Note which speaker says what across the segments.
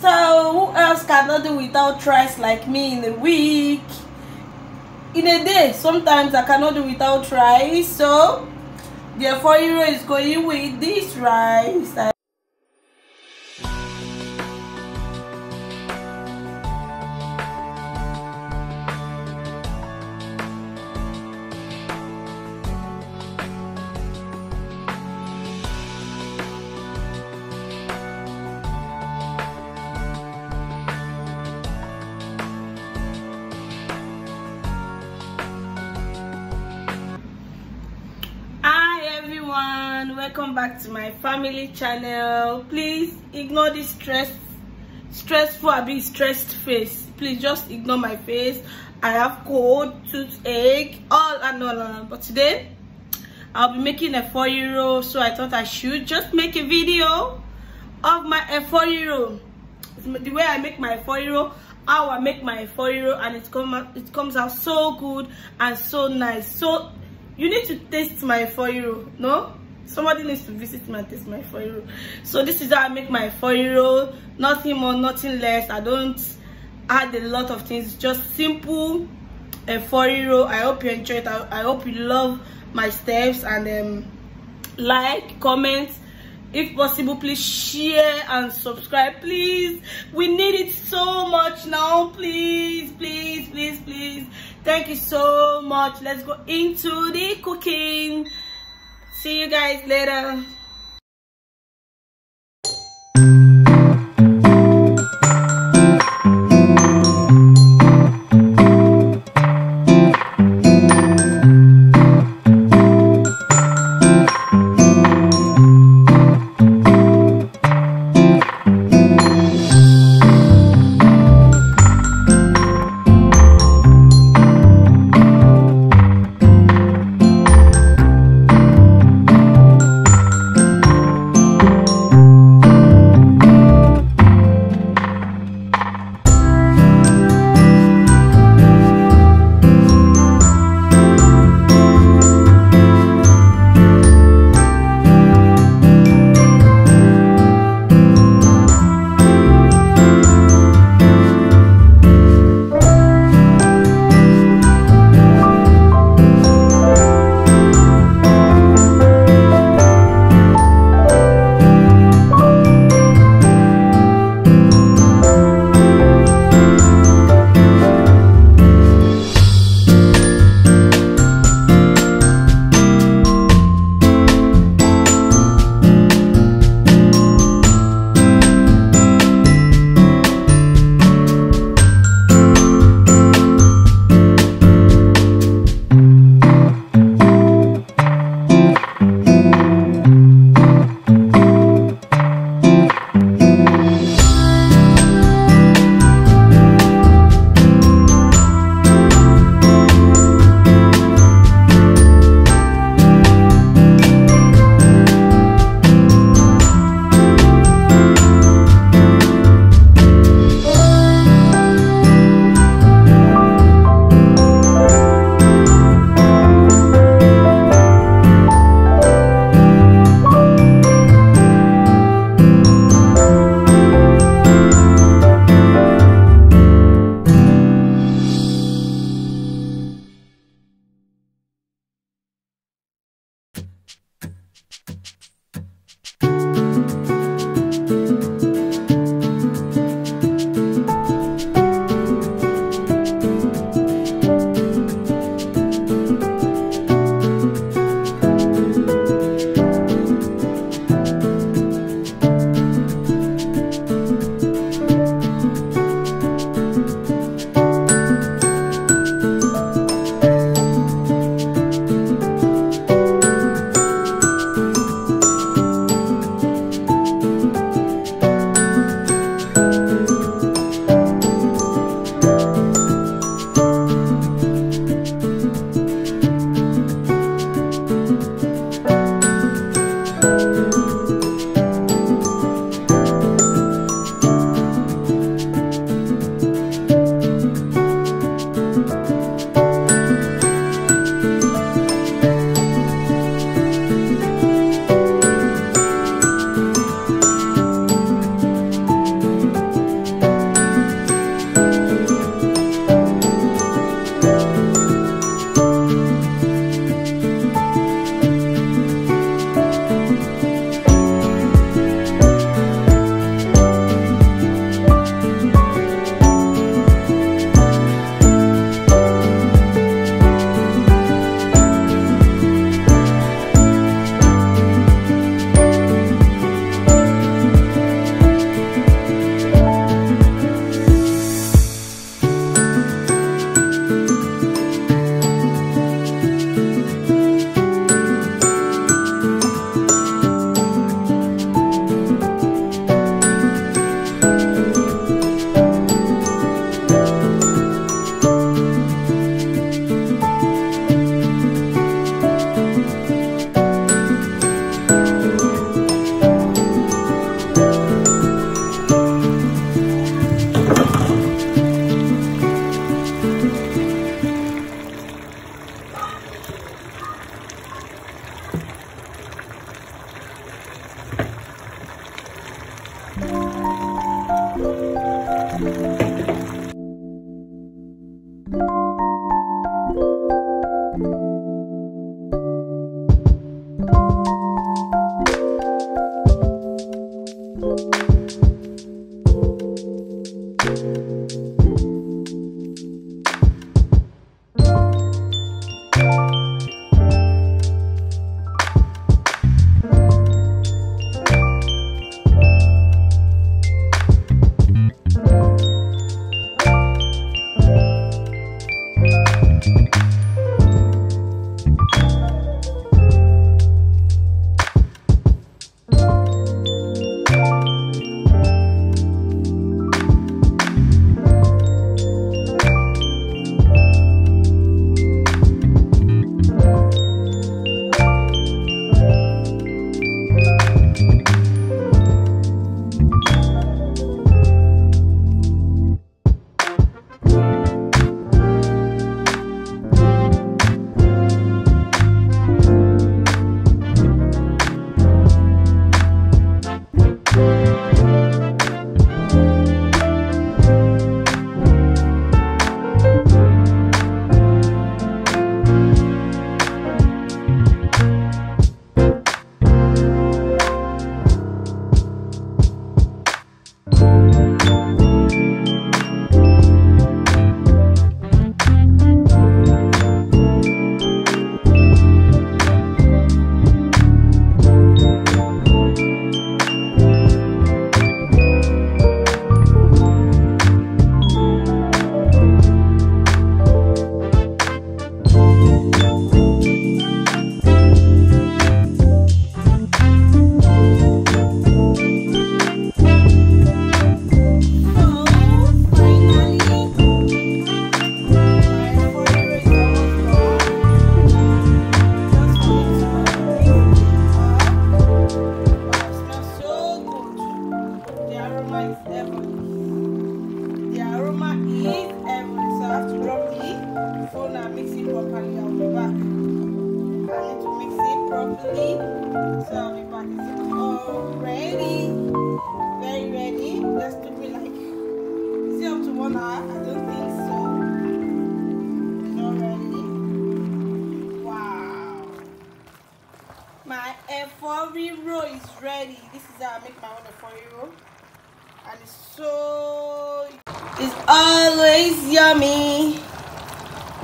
Speaker 1: So who else cannot do without rice like me in a week? In a day, sometimes I cannot do without rice. So therefore, euro is going with this rice. welcome back to my family channel please ignore this stress stressful abi stressed face please just ignore my face i have cold toothache all and all, and all but today i'll be making a four euro so i thought i should just make a video of my four euro the way i make my four euro how i make my four euro and it come it comes out so good and so nice so you need to taste my four euro no somebody needs to visit me and taste my four old so this is how i make my four old nothing more nothing less i don't add a lot of things just simple a uh, eh, four old i hope you enjoy it I, I, hope you love my steps and um, like comment if possible please share and subscribe please we need it so much now please please please please thank you so much let's go into the cooking See you guys later.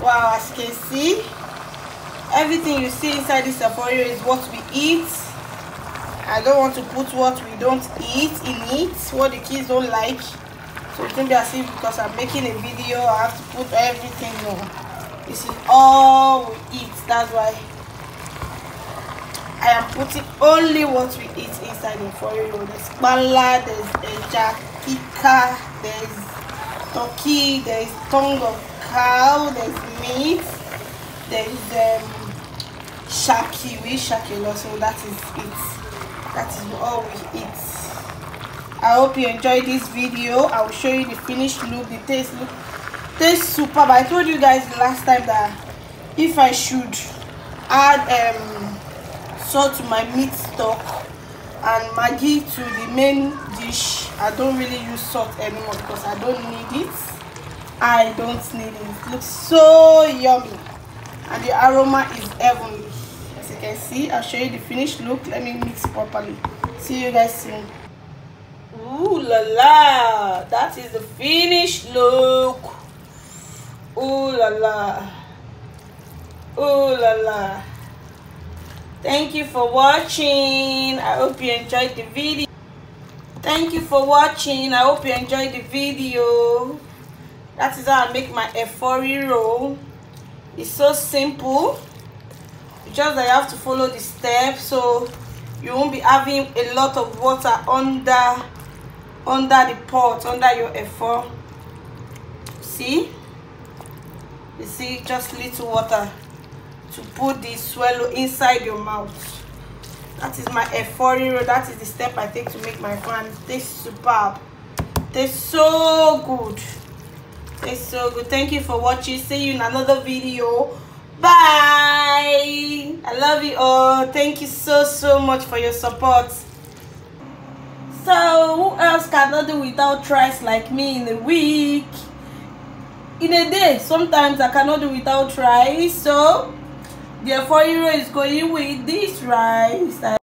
Speaker 1: wow as you can see everything you see inside this safari is what we eat i don't want to put what we don't eat in it what the kids don't like so it can be as if because i'm making a video i have to put everything on this is all we eat that's why i am putting only what we eat inside the foreign road there's kpala there's eja kika there's turkey there's tongue of cow, there's meat, there's um, shaki, we shakilo, so that is it. That is all we eat. I hope you enjoyed this video. I will show you the finished look, the taste look. Tastes superb. I told you guys the last time that if I should add um, salt to my meat stock and maggi to the main dish, I don't really use salt anymore because I don't need it. I don't need it. looks so yummy and the aroma is heavenly as you can see I'll show you the finished look let me mix it properly see you guys soon Ooh la la that is the finished look Ooh la la Ooh la la thank you for watching I hope you enjoyed the video thank you for watching I hope you enjoyed the video that is how i make my efori roll it's so simple just that you have to follow the steps so you won't be having a lot of water under under the pot under your effort see you see just little water to put the swallow inside your mouth that is my a4 roll that is the step i take to make my fan taste superb it tastes so good it's so good. Thank you for watching. See you in another video. Bye. I love you all. Thank you so, so much for your support. So, who else cannot do without rice like me in a week? In a day, sometimes I cannot do
Speaker 2: without rice. So, therefore, Euro is going with this rice.